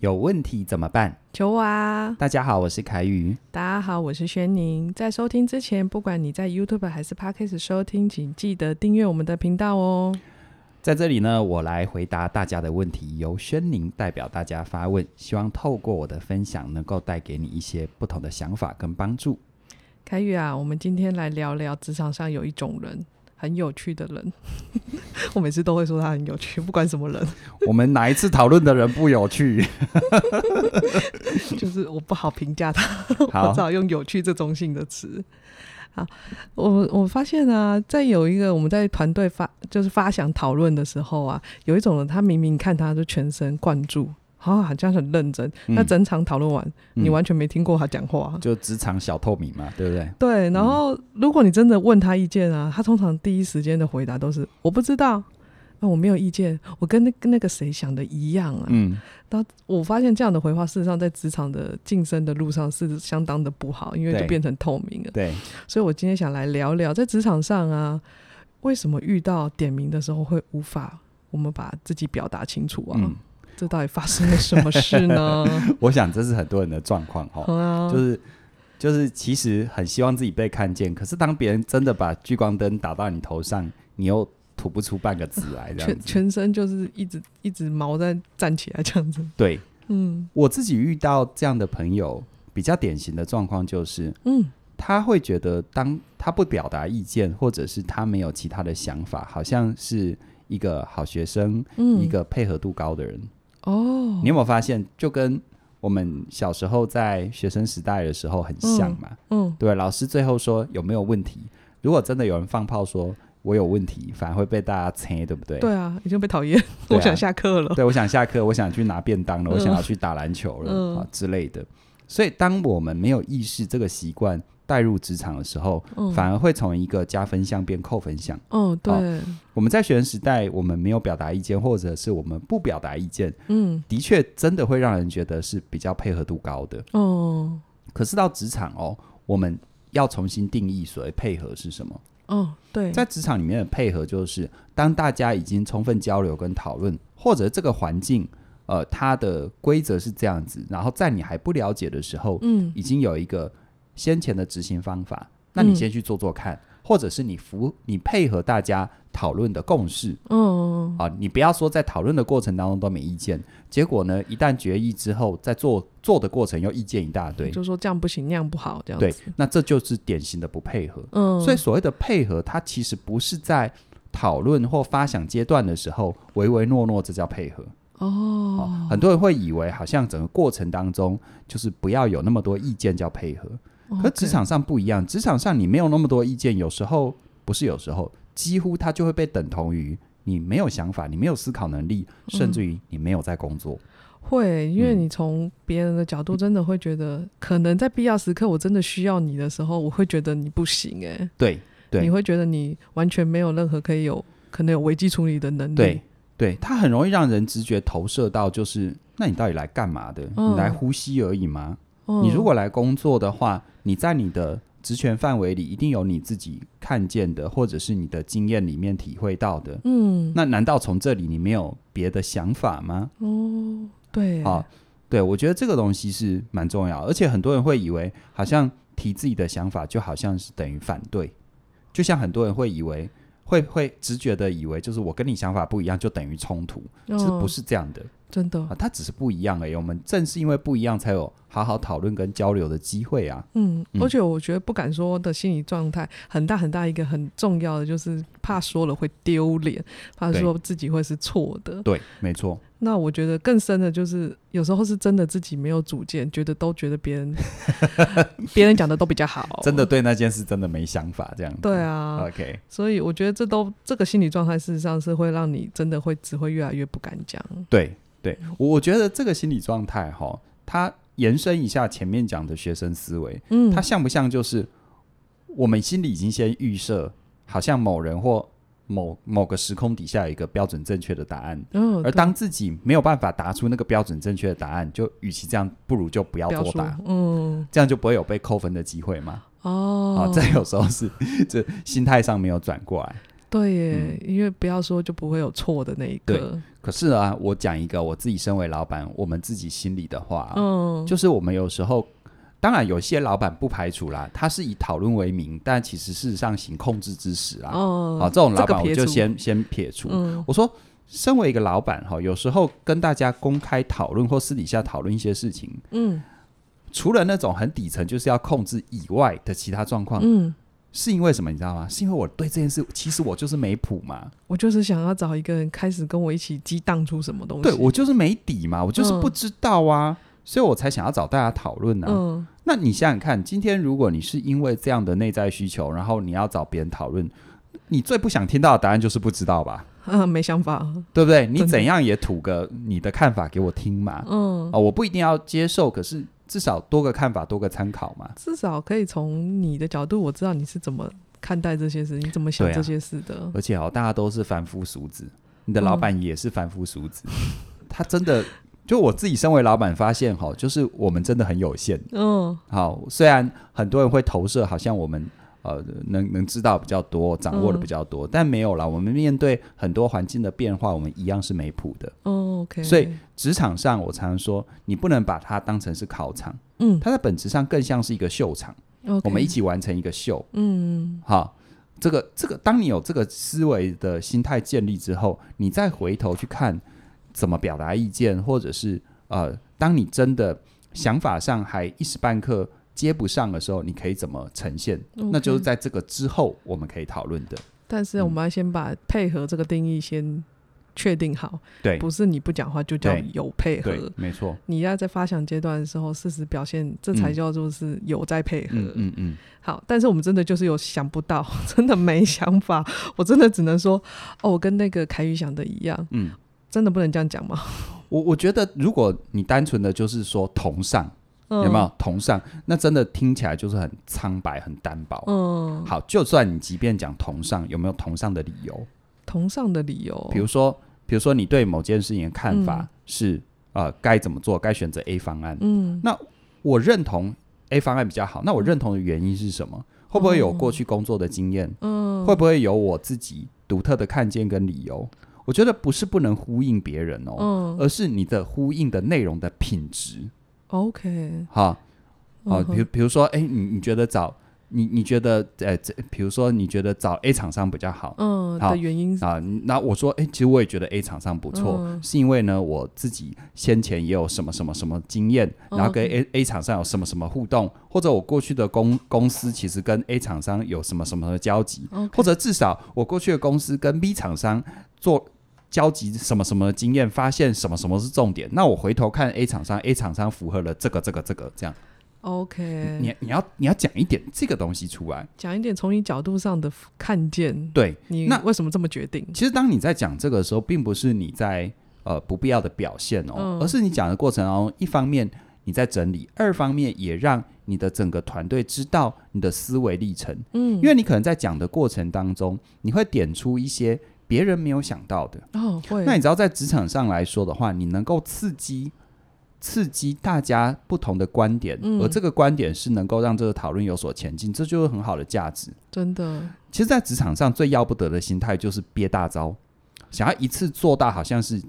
有問題怎麼辦？裘我啊！大家好，我是凱宇。大家好，我是宣寧。在收聽之前，不管你在 YouTube 還是 Podcast 收聽，請記得訂閱我們的頻道哦。在這裡呢，我來回答大家的問題，由宣寧代表大家發問。希望透過我的分享，能夠帶給你一些不同的想法跟幫助。凱宇啊，我們今天來聊聊職場上有一種人。很有趣的人， 我每次都會說他很有趣，不管什麼人。 我們哪一次討論的人不有趣？ 就是我不好評價他，好我只好用“有趣”這中性的詞。好，我我發現啊，在有一個我們在團隊發就是發想討論的時候啊，有一種人，他明明看他就全神貫注。啊，這樣很認真。嗯、那整場討論完，嗯、你完全沒聽過他講話，啊，就職場小透明嘛，對不對？對。然後，如果你真的問他意見啊，他通常第一時間的回答都是：“嗯、我不知道，那、哦、我沒有意見，我跟那跟那個誰想的一樣啊。”嗯。但我發現這樣的回話，事實上在職場的晉升的路上是相當的不好，因為就變成透明了。對。對所以我今天想來聊聊，在職場上啊，為什麼遇到點名的時候會無法我們把自己表達清楚啊？嗯這到底發生了什麼事呢？ 我想這是很多人的狀況哈、 哦，就是就是其實很希望自己被看見，可是當別人真的把聚光燈打到你頭上，你又吐不出半個字來，這樣全全身就是一直一直毛在站起來這樣子。對，嗯，我自己遇到這樣的朋友，比較典型的狀況就是，嗯，他會覺得當他不表達意見，或者是他沒有其他的想法，好像是一個好學生，嗯、一個配合度高的人。哦，oh, 你有沒有發現，就跟我們小時候在學生時代的時候很像嘛？嗯，嗯對，老師最後說有沒有問題？如果真的有人放炮，說我有問題，反而會被大家猜，對不對？對啊，已經被討厭，我想下課了。對，我想下課，我想去拿便當了，嗯、我想要去打籃球了啊、嗯、之類的。所以，當我們沒有意識這個習慣，帶入職場的時候，哦、反而會從一個加分項變扣分項。哦，哦對。我們在學生時代，我們沒有表達意見，或者是我們不表達意見，嗯，的確真的會讓人覺得是比較配合度高的。哦。可是到職場哦，我們要重新定義所謂配合是什麼。哦，對。在職場裡面的配合，就是當大家已經充分交流跟討論，或者這個環境，呃，它的規則是這樣子，然後在你還不了解的時候，嗯，已經有一個。先前的執行方法，那你先去做做看，嗯、或者是你服你配合大家討論的共識，嗯啊，你不要說在討論的過程當中都沒意見，結果呢，一旦決議之後，在做做的過程又意見一大堆，嗯、就說這樣不行那樣不好，這樣對，那這就是典型的不配合，嗯，所以所謂的配合，它其實不是在討論或發想階段的時候唯唯諾諾，這叫配合哦、啊，很多人會以為好像整個過程當中就是不要有那麼多意見叫配合。和職場上不一樣，職 Okay 場上你沒有那麼多意見，有時候不是有時候，幾乎它就會被等同於你沒有想法，你沒有思考能力，嗯、甚至於你沒有在工作。會、欸，因為你從別人的角度，真的會覺得，嗯、可能在必要時刻，我真的需要你的時候，我會覺得你不行、欸，誒。對，對，你會覺得你完全沒有任何可以有可能有危機處理的能力。對對，它很容易讓人直覺投射到，就是那你到底來幹嘛的？嗯、你來呼吸而已嗎？你如果來工作的話，你在你的職權範圍裡一定有你自己看見的，或者是你的經驗裡面體會到的。嗯，那難道從這裡你沒有別的想法嗎？哦，對，好、哦，對，我覺得這個東西是蠻重要的。而且很多人會以為，好像提自己的想法就好像是等於反對，就像很多人會以為，會會直覺的以為，就是我跟你想法不一樣就等於衝突，其實不是這樣的。哦真的，他、啊、只是不一樣而已，欸。我們正是因為不一樣，才有好好討論跟交流的機會啊。嗯，而且我覺得不敢說的心理狀態，很大很大一個很重要的就是怕說了會丟臉，怕說自己會是錯的。對。對，沒錯。那我覺得更深的就是，有時候是真的自己沒有主見，覺得都覺得別人，別 人講的都比較好，真的對那件事真的沒想法這樣子。對啊，OK。所以我覺得這都這個心理狀態，事實上是會讓你真的會只會越來越不敢講。對。對，我我覺得這個心理狀態哈、哦，它延伸一下前面講的學生思維，嗯，它像不像就是我們心裡已經先預設，好像某人或某某個時空底下有一個標準正確的答案，嗯、哦，而當自己沒有辦法答出那個標準正確的答案，就與其這樣，不如就不要作答，嗯，這樣就不會有被扣分的機會嘛，哦，哦，這有時候是這心態上沒有轉過來。.對耶，嗯、因為不要說，就不會有錯的那一個。對，可是啊，我講一個我自己身為老闆，我們自己心裡的話、啊，嗯，就是我們有時候，當然有些老闆不排除啦，他是以討論為名，但其實事實上行控制之實啊。哦、嗯，這種老闆我就先撇先撇除。嗯、我說，身為一個老闆哈、啊，有時候跟大家公開討論或私底下討論一些事情，嗯，除了那種很底層就是要控制以外的其他狀況、啊，嗯。是因為什麼你知道嗎？是因為我對這件事，其實我就是沒譜嘛。我就是想要找一個人開始跟我一起激盪出什麼東西。對，我就是沒底嘛，我就是不知道啊，嗯，所以我才想要找大家討論吶，啊。嗯，那你想想看，今天如果你是因為這樣的內在需求，然後你要找別人討論，你最不想聽到的答案就是不知道吧？啊，沒想法，對不對？你怎樣也吐個你的看法給我聽嘛。嗯啊，哦，我不一定要接受，可是。至少多個看法，多個參考嘛。至少可以從你的角度，我知道你是怎麼看待這些事，你怎麼想這些事的。啊、而且哈、哦，大家都是凡夫俗子，你的老闆也是凡夫俗子，嗯、他真的就我自己身為老闆發現哈、哦，就是我們真的很有限。嗯，好、哦，雖然很多人會投射，好像我們。呃，能能知道比較多，掌握的比較多，嗯、但沒有啦，我們面對很多環境的變化，我們一樣是沒譜的。哦，okay。所以職場上，我常說，你不能把它當成是考場，嗯，它在本質上更像是一個秀場。OK。我們一起完成一個秀。嗯，好，這個這個，當你有這個思維的心態建立之後，你再回頭去看怎麼表達意見，或者是呃，當你真的想法上還一時半刻接不上的時候，你可以怎麼呈現？Okay 那就是在這個之後，我們可以討論的。但是我們要先把配合這個定義先確定好。對、嗯，不是你不講話就叫有配合，沒錯。你要在發想階段的時候，事實表現，這才叫做是有在配合。嗯嗯。好，但是我們真的就是有想不到，真的沒想法， 我真的只能說，哦，我跟那個凱宇想的一樣。嗯，真的不能這樣講嗎？我我覺得，如果你單純的就是說同上。有沒有同上？嗯、那真的聽起來就是很蒼白、很單薄。嗯，好，就算你即便講同上，有沒有同上的理由？同上的理由，比如說，比如說你對某件事情的看法是，嗯、呃，該怎麼做？該選擇 A 方案。嗯，那我認同 A 方案比較好。那我認同的原因是什麼？會不會有過去工作的經驗？嗯，會不會有我自己獨特的看見跟理由？嗯、我覺得不是不能呼應別人哦，嗯、而是你的呼應的內容的品質。OK，好，好，比比如說，哎、欸，你你覺得找你你覺得，哎，比如說，你覺得找 A 廠商比較好，嗯，的原因啊，那我說，哎、欸，其實我也覺得 A 廠商不錯，嗯、是因為呢，我自己先前也有什麼什麼什麼經驗，嗯、然後跟 A A 廠商有什麼什麼互動，Okay. 或者我過去的公公司其實跟 A 廠商有什麼什麼的交集，Okay. 或者至少我過去的公司跟 B 廠商做。交集什麼什麼經驗，發現什麼什麼是重點。那我回頭看 A 廠商，A 廠商符合了這個這個這個這樣。OK，你你要你要講一點這個東西出來，講一點從你角度上的看見。對，你那為什麼這麼決定？其實當你在講這個的時候，並不是你在呃不必要的表現哦，嗯，而是你講的過程當中，一方面你在整理，二方面也讓你的整個團隊知道你的思維歷程。嗯，因為你可能在講的過程當中，你會點出一些。別人沒有想到的哦，會。那你知道在職場上來說的話，你能夠刺激刺激大家不同的觀點，嗯、而這個觀點是能夠讓這個討論有所前進，這就是很好的價值。真的，其實，在職場上最要不得的心態就是憋大招，想要一次做大，好像是驚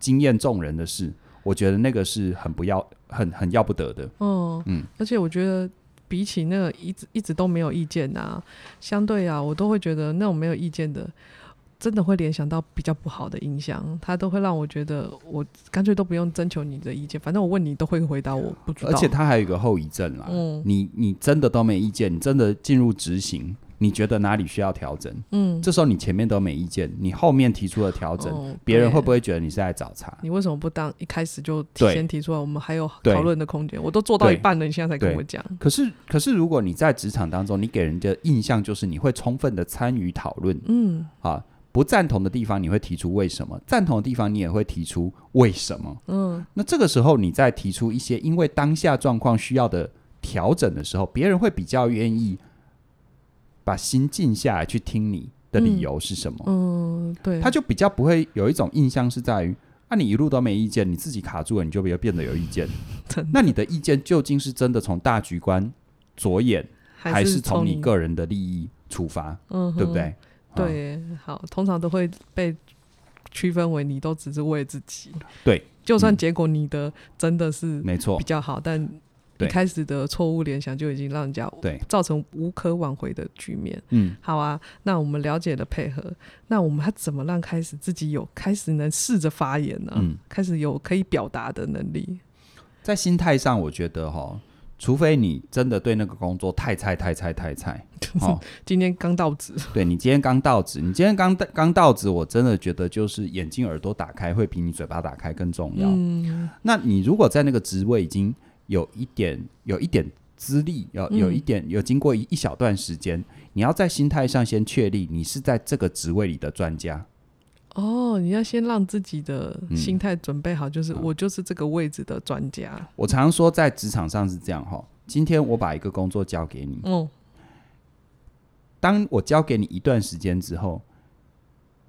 艷眾人的事。我覺得那個是很不要、很很要不得的。嗯、哦、嗯，而且我覺得比起那個一直一直都沒有意見啊，相對啊，我都會覺得那種沒有意見的。真的會聯想到比較不好的印象，他都會讓我覺得，我乾脆都不用徵求你的意見，反正我問你都會回答，我不知道。而且他還有一個後遺症啦，嗯，你你真的都沒意見，你真的進入執行，你覺得哪裡需要調整，嗯，這時候你前面都沒意見，你後面提出了調整，嗯、別人會不會覺得你是在找茬？你為什麼不當一開始就提前提出來，我們還有討論的空間？我都做到一半了，對你現在才跟我講。可是可是，可是如果你在職場當中，你給人家印象就是你會充分的參與討論，嗯，好、啊。不贊同的地方，你會提出為什麼？贊同的地方，你也會提出為什麼？嗯，那這個時候，你在提出一些因為當下狀況需要的調整的時候，別人會比較願意把心靜下來去聽你的理由是什麼？嗯，嗯，對，他就比較不會有一種印象是在於，啊，你一路都沒意見，你自己卡住了，你就變變得有意見。的 那你的意見究竟是真的從大局觀着眼，還是從你個人的利益出發？嗯，對不對？嗯對，好，通常都會被區分為你都只是為自己，啊、對，嗯、就算結果你的真的是沒錯比較好，錯但一開始的錯誤聯想就已經讓人家對造成無可挽回的局面。嗯，好啊，那我們了解的配合，那我們還怎麼讓開始自己有開始能試着發言呢、啊？嗯、開始有可以表達的能力，在心態上，我覺得哈、哦。除非你真的對那個工作太菜太菜太菜。哦，今天剛到職，對，你今天剛到職，你今天剛剛到職，我真的覺得就是眼睛耳朵打開會比你嘴巴打開更重要。嗯，那你如果在那個職位已經有一點有一點資歷，要有，有一點有經過一，一小段時間，嗯，你要在心態上先確立你是在這個職位裡的專家。哦，你要先讓自己的心態準備好，嗯、就是我就是這個位置的專家、啊。我常說在職場上是這樣哈，今天我把一個工作交給你，嗯、當我交給你一段時間之後，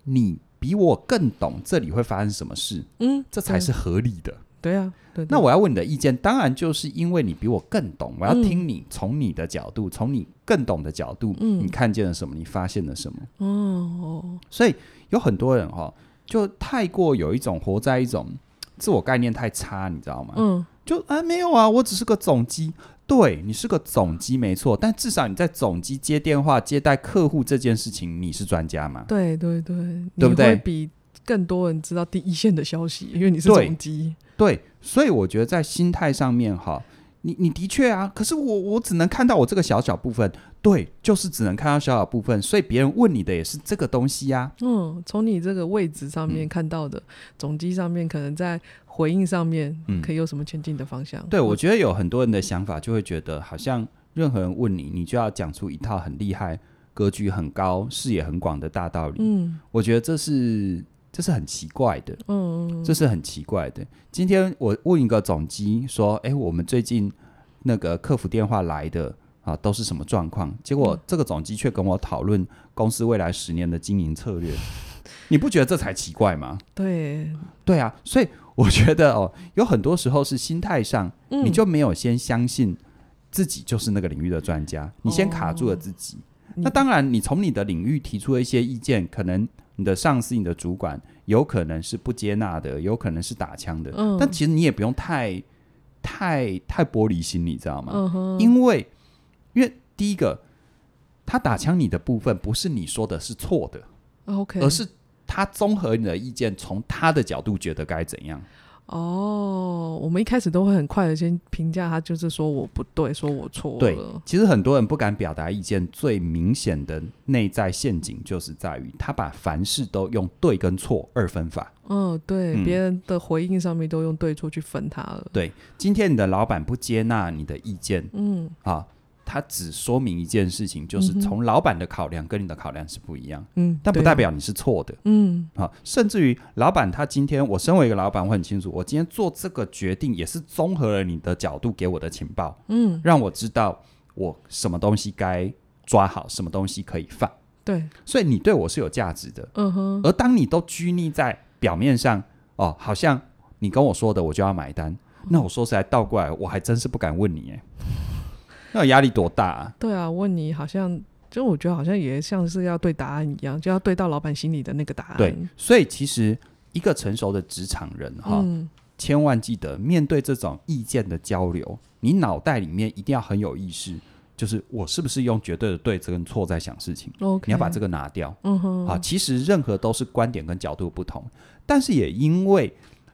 你比我更懂這裡會發生什麼事，嗯，這才是合理的。嗯對啊，對對。那我要問你的意見，當然就是因為你比我更懂，我要聽你、嗯、從你的角度，從你更懂的角度，嗯、你看見了什麼？你發現了什麼？哦、嗯，所以有很多人哈、哦，就太過有一種活在一種自我概念太差，你知道嗎？嗯，就啊、哎、沒有啊，我只是個總機。對，你是個總機沒錯，但至少你在總機接電話、接待客戶這件事情，你是專家嘛？對對對，比對不對？更多人知道第一線的消息，因為你是總機。對，所以我覺得在心態上面哈，你你的確啊，可是我我只能看到我這個小小部分，對，就是只能看到小小部分，所以別人問你的也是這個東西呀、啊。嗯，從你這個位置上面看到的、嗯、總機上面，可能在回應上面可以有什麼前進的方向？嗯、對，我覺得有很多人的想法就會覺得，好像任何人問你，你就要講出一套很厲害、格局很高、視野很廣的大道理。嗯，我覺得這是。這是很奇怪的，嗯嗯，這是很奇怪的。今天我問一個總機說：“哎、欸，我們最近那個客服電話來的啊，都是什麼狀況？”結果這個總機卻跟我討論公司未來十年的經營策略。嗯、你不覺得這才奇怪嗎？對，對啊。所以我覺得哦，有很多時候是心態上，你就沒有先相信自己就是那個領域的專家，嗯、你先卡住了自己。哦、那當然，你從你的領域提出了一些意見，可能。你的上司、你的主管有可能是不接納的，有可能是打槍的，嗯、但其實你也不用太太太玻璃心，你知道嗎？嗯、哼因為，因為第一個，他打槍你的部分不是你說的是錯的、哦 okay、而是他綜合你的意見，從他的角度覺得該怎樣。哦，oh, 我們一開始都會很快的先評價他，就是說我不對，說我錯了。對，其實很多人不敢表達意見，最明顯的內在陷阱就是在於他把凡事都用對跟錯二分法。嗯，對，別人的回應上面都用對錯去分他了。對，今天你的老闆不接納你的意見，嗯，啊。他只說明一件事情，就是從老闆的考量跟你的考量是不一樣，嗯，但不代表你是錯的，嗯，好、啊啊，甚至於老闆他今天，我身為一個老闆，我很清楚，我今天做這個決定也是綜合了你的角度給我的情報，嗯，讓我知道我什麼東西該抓好，什麼東西可以放，對，所以你對我是有價值的，嗯哼，而當你都拘泥在表面上，哦，好像你跟我說的我就要買單，哦、那我說實在倒過來，我還真是不敢問你，哎。 那壓力多大啊？對啊，問你好像就我覺得好像也像是要對答案一樣，就要對到老板心裡的那個答案。對，所以其實一個成熟的職場人哈，哦，嗯，千萬記得面對這種意見的交流，你腦袋裡面一定要很有意識，就是我是不是用絕對的對跟錯在想事情 Okay 你要把這個拿掉。嗯哼，啊，哦，其實任何都是觀點跟角度不同，但是也因為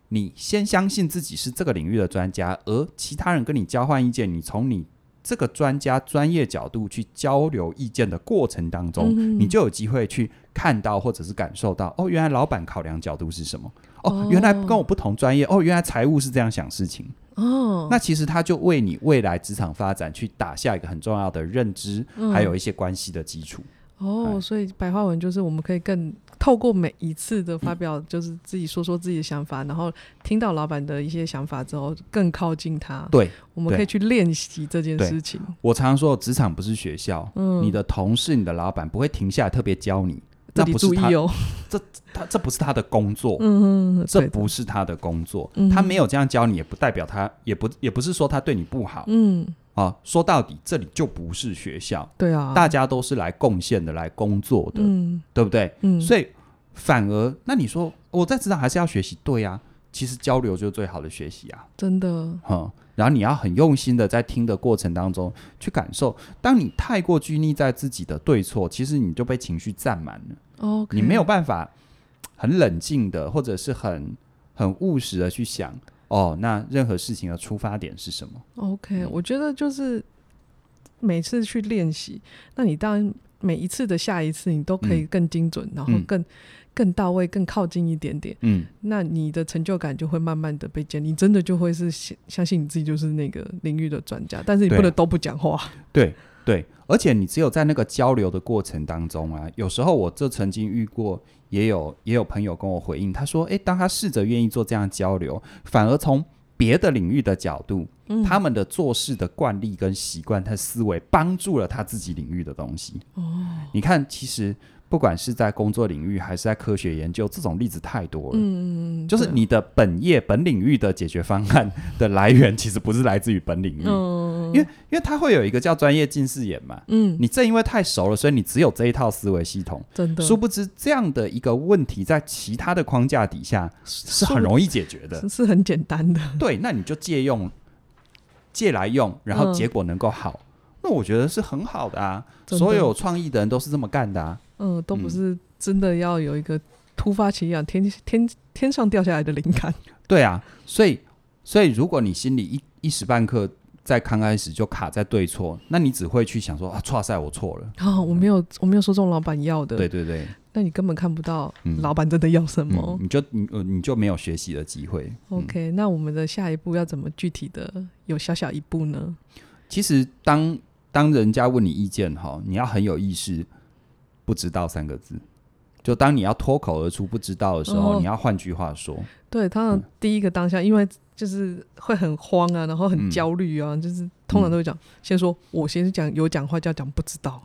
你先相信自己是這個領域的專家，而其他人跟你交換意見，你從你。這個專家專業角度去交流意見的過程當中，嗯、你就有機會去看到或者是感受到，哦，原來老闆考量角度是什麼？哦，哦，原來跟我不同專業，哦，原來財務是這樣想事情。哦，那其實他就為你未來職場發展去打下一個很重要的認知，嗯、還有一些關係的基礎。哦，哎、所以白話文就是我們可以更。透過每一次的發表，就是自己說說自己的想法，然後聽到老闆的一些想法之後，更靠近他。對，我們可以去練習這件事情。我常常說，職場不是學校，你的同事、你的老闆不會停下來特別教你。這不是他哦，這他這不是他的工作，嗯，這不是他的工作，他沒有這樣教你，也不代表他也不也不是說他對你不好，嗯。啊，說到底，這裡就不是學校，對啊，大家都是來貢獻的，來工作的，嗯，對不對？嗯，所以反而，那你說我在職場還是要學習？對呀，啊，其實交流就是最好的學習啊，真的。嗯，然後你要很用心的在聽的過程當中去感受，當你太過拘泥在自己的對錯，其實你就被情緒佔滿了。哦 Okay，你沒有辦法很冷靜的，或者是很很務實的去想。哦，那任何事情的出發點是什麼？OK，、嗯、我覺得就是每次去練習，那你當然每一次的下一次，你都可以更精準，嗯、然後更、嗯、更到位，更靠近一點點。嗯，那你的成就感就會慢慢的被建立，你真的就會是相相信你自己就是那個領域的專家。但是你不能都不講話。對啊，對。對，而且你只有在那個交流的過程當中啊，有時候我這曾經遇過，也有也有朋友跟我回應，他說：“哎、欸，當他試着願意做這樣交流，反而從別的領域的角度，嗯、他們的做事的慣例跟習慣、他思維，幫助了他自己領域的東西。”哦，你看，其實不管是在工作領域還是在科學研究，這種例子太多了。嗯，就是你的本業、本領域的解決方案的來源，其實不是來自於本領域。嗯。因為，因為他會有一個叫專業近視眼嘛。嗯，你正因為太熟了，所以你只有這一套思維系統。真的，殊不知這樣的一個問題，在其他的框架底下是，是很容易解決的，是，是很簡單的。對，那你就借用、借來用，然後結果能夠好，嗯、那我覺得是很好的啊。真的，所有創意的人都是這麼幹的啊。嗯，都不是真的要有一個突發奇想、天天天上掉下來的靈感。對啊，所以，所以如果你心裡一一時半刻。在剛開始就卡在對錯，那你只會去想說啊，挫賽我錯了，哦，我沒有，嗯、我沒有說這種老闆要的，對對對，那你根本看不到老闆真的要什麼，嗯嗯、你就你呃你就沒有學習的機會。嗯、OK，那我們的下一步要怎麼具體的有小小一步呢？其實當當人家問你意見哈，你要很有意識，不知道三個字，就當你要脫口而出不知道的時候，哦、你要換句話說，對，他的第一個當下，嗯、因為。就是會很慌啊，然後很焦慮啊，嗯、就是通常都會講，嗯、先說我先講有講話就要講不知道。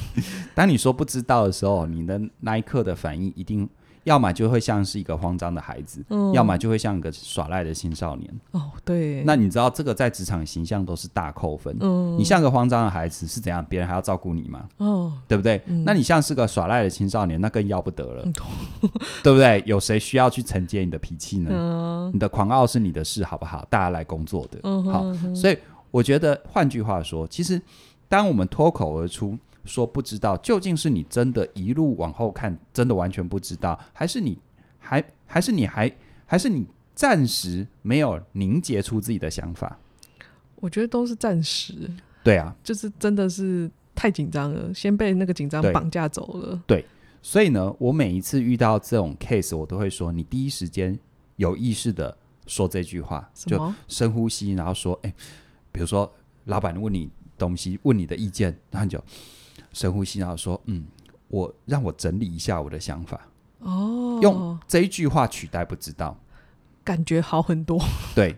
當你說不知道的時候，你的那一刻的反應一定。要麼就會像是一個慌張的孩子，嗯、要麼就會像個耍賴的青少年。哦，對。那你知道這個在職場形象都是大扣分。嗯。你像個慌張的孩子是怎樣？別人還要照顧你嗎？哦，對不對？嗯、那你像是個耍賴的青少年，那更要不得了，嗯、 對不對？有誰需要去承接你的脾氣呢？嗯。你的狂傲是你的事，好不好？大家來工作的。嗯哼哼。好，所以我覺得，換句話說，其實當我們脫口而出。說不知道究竟是你真的，一路往後看，真的完全不知道，還是你還還是你還還是你暫時沒有凝結出自己的想法？我覺得都是暫時。對啊，就是真的是太緊張了，先被那個緊張綁架走了對。對，所以呢，我每一次遇到這種 case，我都會說，你第一時間有意識地說這句話，什麼？就深呼吸，然後說，誒，比如說老板問你東西，問你的意見，然後就。深呼吸，然後說：“嗯，我讓我整理一下我的想法。”哦，用這一句話取代，不知道感覺好很多。對，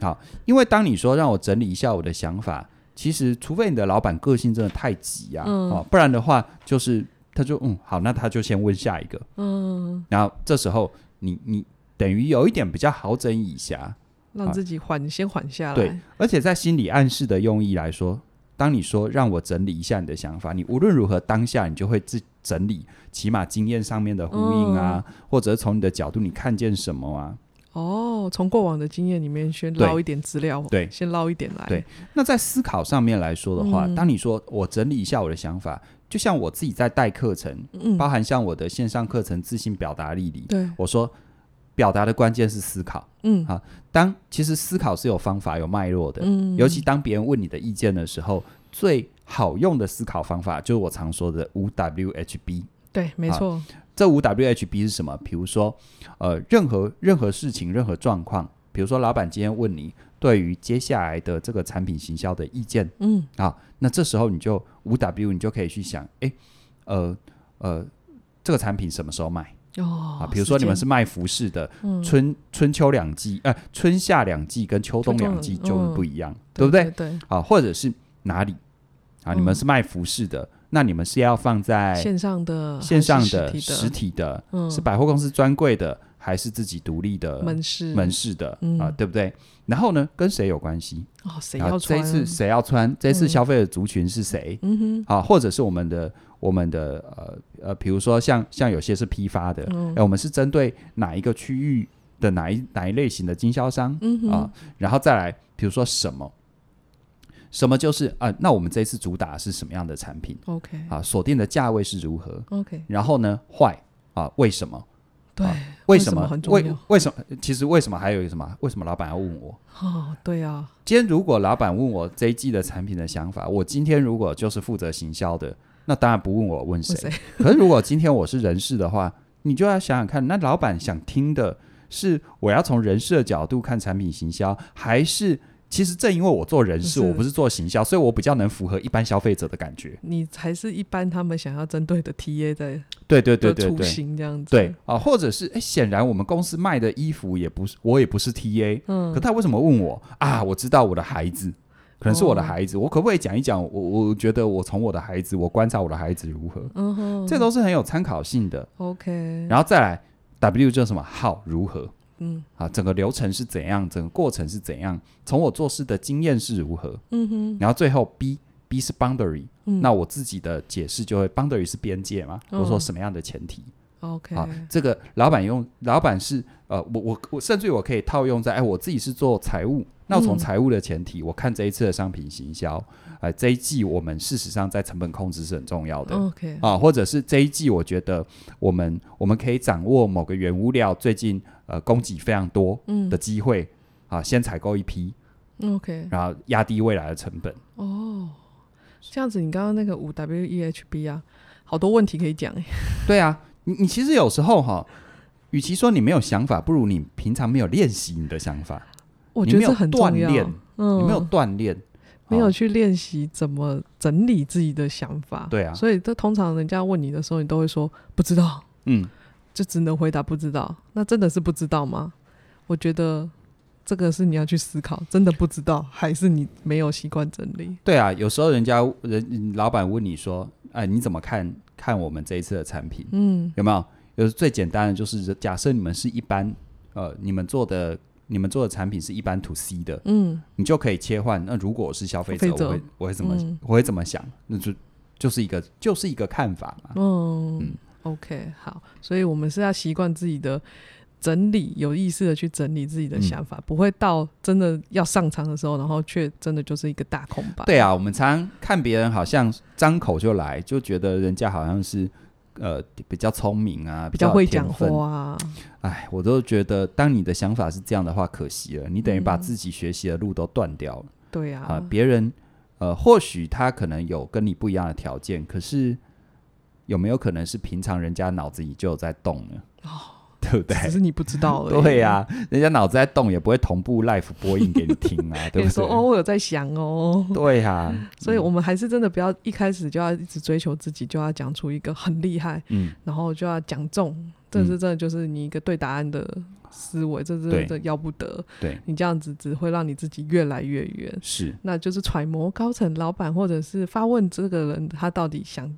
好，因為當你說“讓我整理一下我的想法”，其實除非你的老闆個性真的太急啊，嗯、哦，不然的話，就是他就嗯，好，那他就先問下一個。嗯，然後這時候你你等於有一點比較好整以暇，讓自己緩先緩下來。對，而且在心理暗示的用意來說。當你說讓我整理一下你的想法，你無論如何當下你就會自整理，起碼經驗上面的呼應啊，嗯、或者從你的角度你看見什麼啊？哦，從過往的經驗裡面先撈一點資料，對，對先撈一點來。對，那在思考上面來說的話，嗯、當你說我整理一下我的想法，就像我自己在帶課程，嗯，包含像我的線上課程自信表達力裡，對，我說。表達的關鍵是思考，嗯啊，當，其實思考是有方法有脈絡的，嗯嗯，尤其當別人問你的意見的時候，最好用的思考方法就是我常說的五 WHB，對，沒錯，啊，這五 WHB 是什麼？比如說，呃，任何任何事情、任何狀況，比如說老闆今天問你對於接下來的這個產品行銷的意見，嗯啊，那這時候你就五 W，你就可以去想，誒、欸，呃呃，這個產品什麼時候賣？啊，比如說你們是賣服飾的，春春秋兩季，春夏兩季跟秋冬兩季就不一樣，對不對？對，或者是哪裡啊？你們是賣服飾的，那你們是要放在線上的、線上的、實體的，是百貨公司專櫃的，還是自己獨立的門市門市的啊？對不對？然後呢，跟誰有關係？哦，誰要穿？這一次誰要穿？這一次消費的族群是誰？嗯哼，啊，或者是我們的。我們的呃呃，比如說像像有些是批發的、嗯呃，我們是針對哪一個區域的哪一哪一類型的經銷商啊、嗯哼呃？然後再來，比如說什麼什麼就是啊、呃，那我們這一次主打是什麼樣的產品？OK，啊，鎖定的價位是如何？OK，然後呢，why 啊，為什麼？對、啊，為什麼？為什麼為，為什麼？其實為什麼還有一個什麼？為什麼老板要問我？哦，對啊。今天如果老板問我這一季的產品的想法，我今天如果就是負責行銷的。那當然不問我問，問誰誰？可是如果今天我是人事的話， 你就要想想看，那老闆想聽的是我要從人事的角度看產品行銷，還是其實正因為我做人事，是我不是做行銷，所以我比較能符合一般消費者的感覺。你還是一般他們想要針對的 T A 的對對對對這樣子對啊、呃，或者是欸、顯然我們公司賣的衣服也不是，我也不是 T A，嗯，可他為什麼問我啊？我知道我的孩子。可能是我的孩子，oh. 我可不可以講一講？我我覺得我從我的孩子，我觀察我的孩子如何，uh huh. 這都是很有參考性的。OK，然後再來 W 就是什麼？How 如何？嗯、啊，整個流程是怎樣？整個過程是怎樣？從我做事的經驗是如何？嗯哼，然後最後 B B 是 boundary，、嗯、那我自己的解釋就會 boundary 是邊界嘛，嗯、我說什麼樣的前提、oh.？OK，、啊、這個老板用老板是呃，我我我甚至於我可以套用在哎，我自己是做財務。那我從財務的前提，嗯、我看這一次的商品行銷，哎、呃，這一季我們事實上在成本控制是很重要的。嗯 okay、啊，或者是這一季，我覺得我們我們可以掌握某個原物料最近呃供給非常多的機會、嗯、啊，先採購一批。嗯、OK，然後壓低未來的成本。哦，這樣子，你剛剛那個五 W E H B 啊，好多問題可以講 對啊，你你其實有時候哈、啊，與其說你沒有想法，不如你平常沒有練習你的想法。我覺得這很鍛鍊，你沒有鍛鍊、嗯哦，沒有去練習怎麼整理自己的想法，對啊，所以這通常人家問你的時候，你都會說不知道，嗯，就只能回答不知道。那真的是不知道嗎？我覺得這個是你要去思考，真的不知道，還是你沒有習慣整理？對啊，有時候人家人老闆問你說，哎，你怎麼看看我們這一次的產品？嗯，有沒有？有時最簡單的就是，假設你們是一般，呃，你們做的。你們做的產品是一般 to C 的，嗯，你就可以切換。那如果我是消費者，者我會我會怎麼、嗯、我會怎麼想？那就就是一個就是一個看法嘛。嗯，嗯，OK，好，所以我們是要習慣自己的整理，有意識的去整理自己的想法，嗯、不會到真的要上場的時候，然後卻真的就是一個大空白。對啊，我們常看別人好像張口就來，就覺得人家好像是。呃，比較聰明啊，比較會講話，啊。哎，我都覺得，當你的想法是這樣的話，可惜了，你等於把自己學習的路都斷掉了，嗯。對啊，呃、別人，呃，或許他可能有跟你不一樣的條件，可是有沒有可能是平常人家腦子裡就有在動呢？哦。對不對？只是你不知道、欸。對呀、啊，人家腦子在動，也不會同步 live 播音給你聽啊， 對不對？你說哦，我有在想哦。對哈、啊，所以我們還是真的不要、嗯、一開始就要一直追求自己，就要講出一個很厲害，嗯，然後就要講中，這是這，就是你一個對答案的思維，嗯、這是這要不得。對，你這樣子只會讓你自己越來越遠。是，那就是揣摩高層老闆或者是發問這個人他到底想。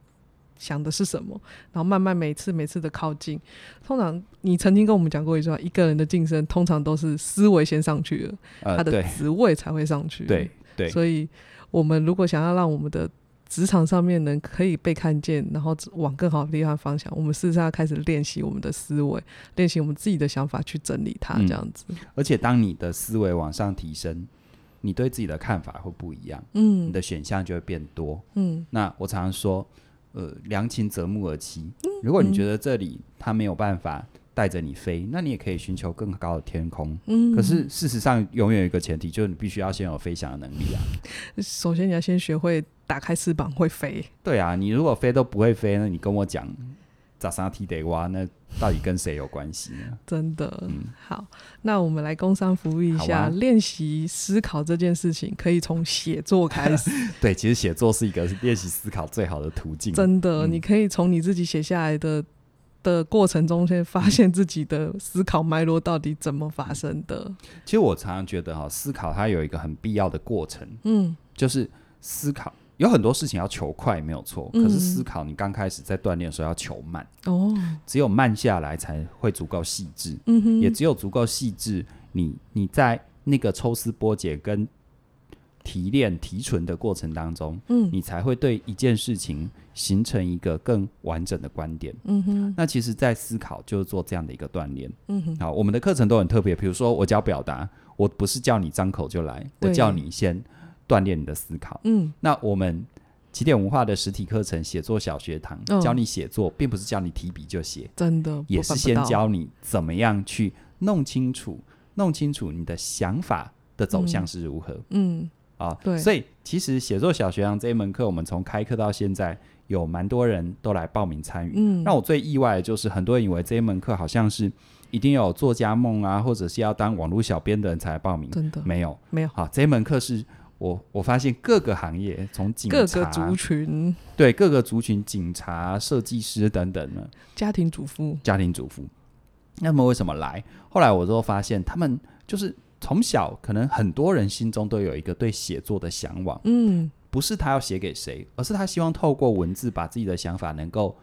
想的是什麼，然後慢慢每次每次的靠近。通常你曾經跟我們講過一句話：一個人的晉升通常都是思維先上去了，呃、他的職位對才會上去對。對對。所以我們如果想要讓我們的職場上面能可以被看見，然後往更好厲害的方向，我們事實上要開始練習我們的思維，練習我們自己的想法去整理它、嗯、這樣子。而且，當你的思維往上提升，你對自己的看法會不一樣。嗯。你的選項就會變多。嗯。那我常常說。呃，良禽擇木而棲。如果你覺得這裡它沒有辦法帶着你飛，嗯、那你也可以尋求更高的天空。嗯、可是事實上，永遠有一個前提，就是你必須要先有飛翔的能力啊。首先，你要先學會打開翅膀會飛。對啊，你如果飛都不會飛，那你跟我講。咋啥提得哇？那到底跟誰有關係呢？真的。嗯，好，那我們來工商服務一下，練習、啊、思考這件事情，可以從寫作開始。 對，其實寫作是一個練習思考最好的途徑。真的，嗯、你可以從你自己寫下來的的過程中，先發現自己的思考脈絡到底怎麼發生的。嗯、其實我常常覺得哈，思考它有一個很必要的過程，嗯，就是思考。有很多事情要求快沒有錯，嗯、可是思考你剛開始在鍛鍊的時候要求慢哦，只有慢下來才會足夠細緻，嗯、哼也只有足夠細緻，你你在那個抽絲剝繭跟提煉提純的過程當中，嗯、你才會對一件事情形成一個更完整的觀點，嗯、哼那其實，在思考就是做這樣的一個鍛鍊，嗯、哼好，我們的課程都很特別，比如說我教表達，我不是叫你張口就來，對我叫你先。鍛鍊你的思考。嗯，那我們起點文化的實體課程寫作小學堂，哦、教你寫作，並不是教你提筆就寫，真的，也是先教你怎麼樣去弄清楚、嗯、弄清楚你的想法的走向是如何。嗯，嗯啊，對，所以其實寫作小學堂這一門課，我們從開課到現在，有蠻多人都來報名參與。嗯，讓我最意外的就是，很多人以為這一門課好像是一定要有作家夢啊，或者是要當網絡小編的人才來報名，真的沒有沒有。好有、啊，這一門課是。我我發現各個行業，從警察、族群，對各個族群、警察、設計師等等呢，家庭主婦、家庭主婦，那麼為什麼來？後來我就發現，他們就是從小可能很多人心中都有一個對寫作的嚮往，嗯，不是他要寫給誰，而是他希望透過文字把自己的想法能夠。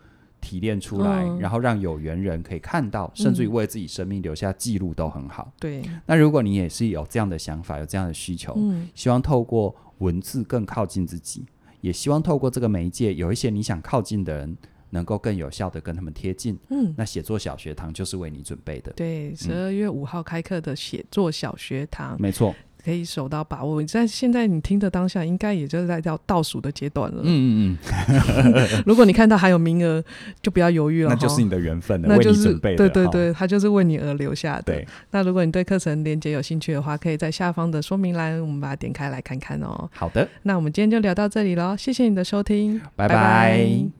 提煉出來，嗯、然後讓有緣人可以看到，甚至於為自己生命留下記錄都很好。嗯、對，那如果你也是有這樣的想法，有這樣的需求，嗯、希望透過文字更靠近自己，也希望透過這個媒介，有一些你想靠近的人，能夠更有效的跟他們貼近。嗯，那寫作小學堂就是為你準備的。對，十二月五號開課的寫作小學堂，嗯、沒錯。可以手到把握，在現在你聽的當下，應該也就是在到倒倒數的階段了。嗯，嗯嗯， 如果你看到還有名額，就不要猶豫了。那就是你的緣分，那就是，為你準備的。對對對，他，哦、就是為你而留下的。對，那如果你對課程連結有興趣的話，可以在下方的說明欄，我們把它點開來看看哦、喔。好的，那我們今天就聊到這裡嘍，謝謝你的收聽，拜拜。拜拜。